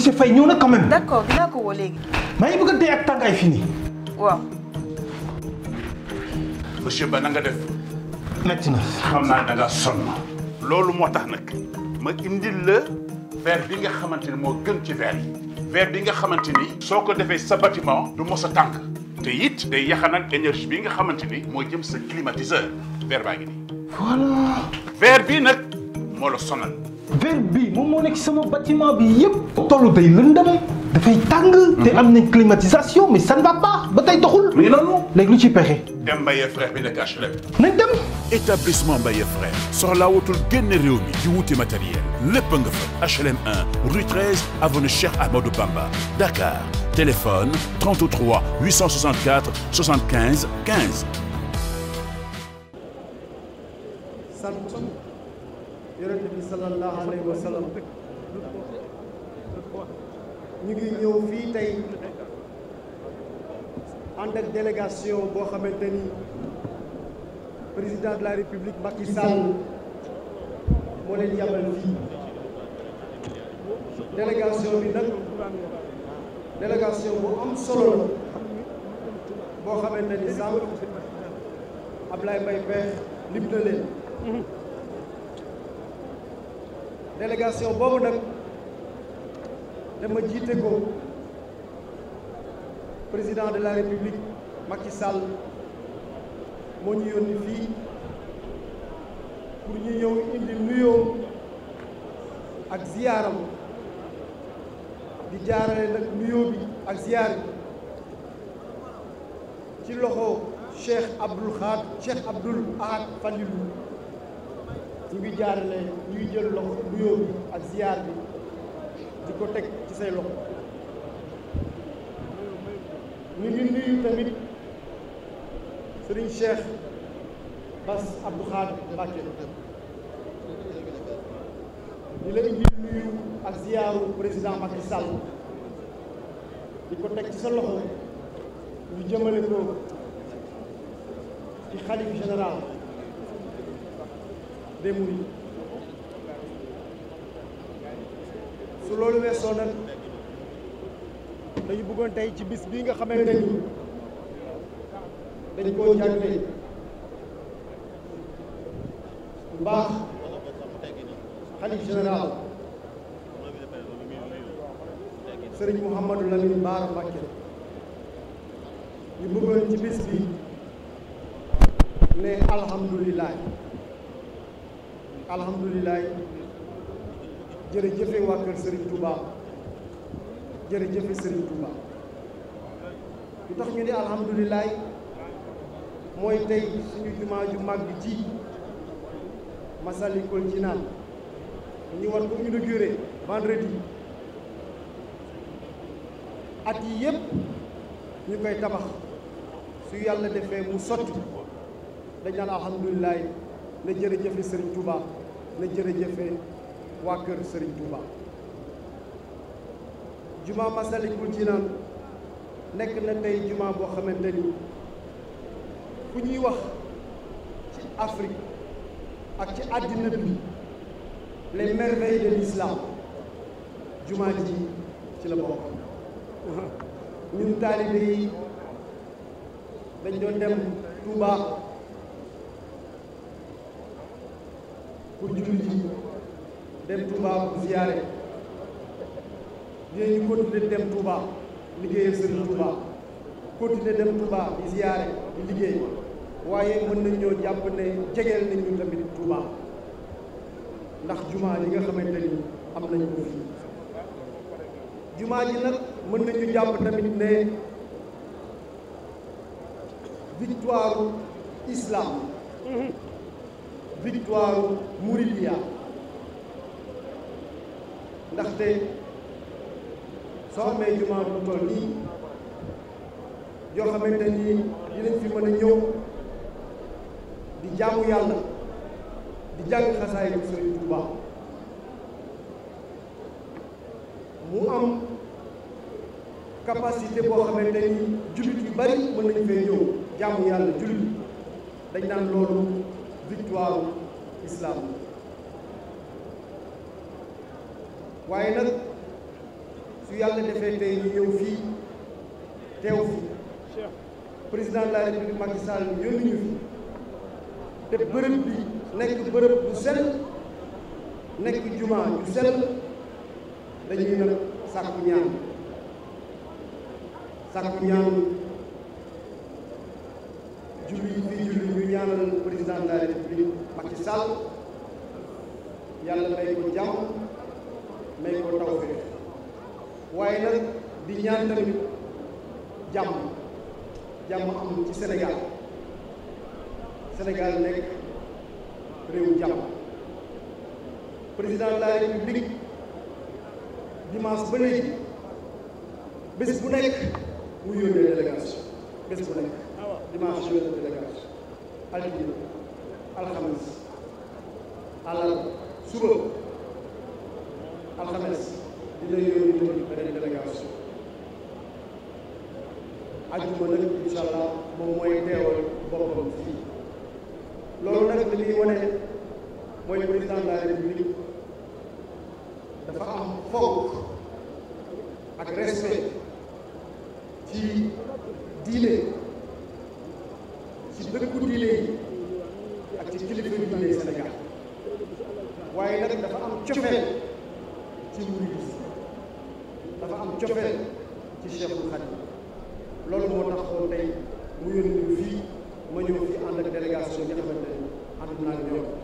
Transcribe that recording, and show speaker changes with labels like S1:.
S1: monsieur Faye ñëw na quand même. ko woo léegi. maa ngi bëgg a dee fii nii. waaw. Ba na nga def. metti na. xam naa da ngaa sonn. loolu moo tax nag ma indil la bi nga xamante ni moo gën ci verre yi. bi nga xamante ni. soo ko defee sa bâtiment. du mos a tànk. te it day yaxanal énergie bi nga xamante ni moo jëm sa climatiseur verre baa ngi nii. bii nag sonal. verre bii moom moo nekk sama bâtiment bi yëpp. tollu day lëndëm dafay tàng. te mhm. am nañ climatisation mais ça ne va pas ba doxul. muy loolu léegi lu ci pexe. dem Mbaye frère bi nekk HLM. établissement Mbaye frère soxlaa wutul génn réew mi di wuti matériel lépp nga fa HLM 1 rue 13 avenue Cheikh Amadou Bamba Dakar téléphone 33 864 75 15. yonent bi sallallahu alayhi wa sallam ñu ngi ñëw fii tey ànd ak délégation boo xamante ni président de la république Macky Sall moo leen yabal fii délégation bi nag délégation bu am solo la boo xamante ni sànq Ablaye Mbaye peex lim na leen délégation boobu nag dama jiite ko président de la république ci sàll moo ñu yónni fii pour ñu ñëw indi nuyoo ak ziyaaram di jaarale nag nuyoo bi ak ziyaar bi ci loxo Cheikh Abdoul Khad Cheikh Abdoul Ahad Fadilou ñu ngi jaarale ñuy jël loxo nuyoo bi ak ziar bi di ko teg ci say loxo ñu ngi nuyu tamit sëriñ Cheikh Bass Abdou Khadre Mbacké di la indi nuyu ak ziaru président Macky di ko teg ci sa loxo ñu jëmale ko ci xalif général des mourides su loolu weesoo nag dañu bëggoon tey ci bis bii nga xamante ni dañ koo jàngale mbaax xalif général sëriñ Mouhamadou Lamine Bara Mbacké ñu bëggoon ci bis bi ne alhamdulilah alhamdulilah jërëjëfe waa kër Serigne Touba jërëjëfe Serigne Touba lu tax ñu ne alhamdulilah mooy tey suñu jumaa mag ji Massalikul Jinaan ñu war ko inauguré vendredi at yi yëpp ñu koy tabax su yàlla defee mu sotti dañ naan alhamdulilah na jërëjëfe Serigne Touba. la jërëjëfe waa kër Serigne Touba juma Masalikul Jinaan nekk na tey juma boo xamante ni fu ñuy wax ci Afrique ak ci àddina bi les merveilles de l'islam juma ji ci la bokk ñun taalibe yi dañ doon dem Touba. pour jullit yi dem Touba pour ziyaare dinañu continuer dem Touba liggéeyal Sëriñ Touba continuer dem Touba di ziyaare di liggéey waaye mën nañ ñoo jàpp ne jegeel nañ ñu tamit Touba ndax jumaa yi nga xamante ni am nañu ko fi nag mën nañu jàpp tamit ne victoire islam mhm. victoire Mouridia ndaxte soo amee jumaa bu toll nii yoo xamante ni dinañ fi mën a ñëw di jaamu yàlla di jàng xasaay bu Sëriñ Tuubaa mu am capacité boo xamante ni jullit yu bari mën nañu fee ñëw jaamu yàlla jullit dañ naan loolu victoire islam waaye nag su yàlla defee tey ñu ñëw fii teew fi président de la république Macky Sall yónni ñu fi te bi nekk bërëb bu sell nekk jumaa ju sell dañuy nag sàkku ñaan sàkku ñaan julli yi fii julli ñu ñaanal président de la république Macky Sall yàlla may ko jàmm may ko tawfeex waaye nag di ñaan tamit jàmm am ci Sénégal Sénégal nekk réewu jàmm président de la république ba léegi bés bu nekk mu yónnee délégation bés bu nekk dimanche yónnee délégation altine alxames alal suba alxames dina yónni ñu beneen délégation ajjuma nag incha moom mooy teewal boppam fii loolu nag li ñuy wane mooy président de la république dafa am fonk ak respect ci diine ci dëkku diine yi ci ci kilifa yu diine Sénégal waaye nag dafa am cofeel ci murid dafa am cofeel ci Cheikhul Khadim loolu moo tax xool tey mu yónni fii ma ñëw fii ànd ak délégation bi nga ne ànd naa ñoom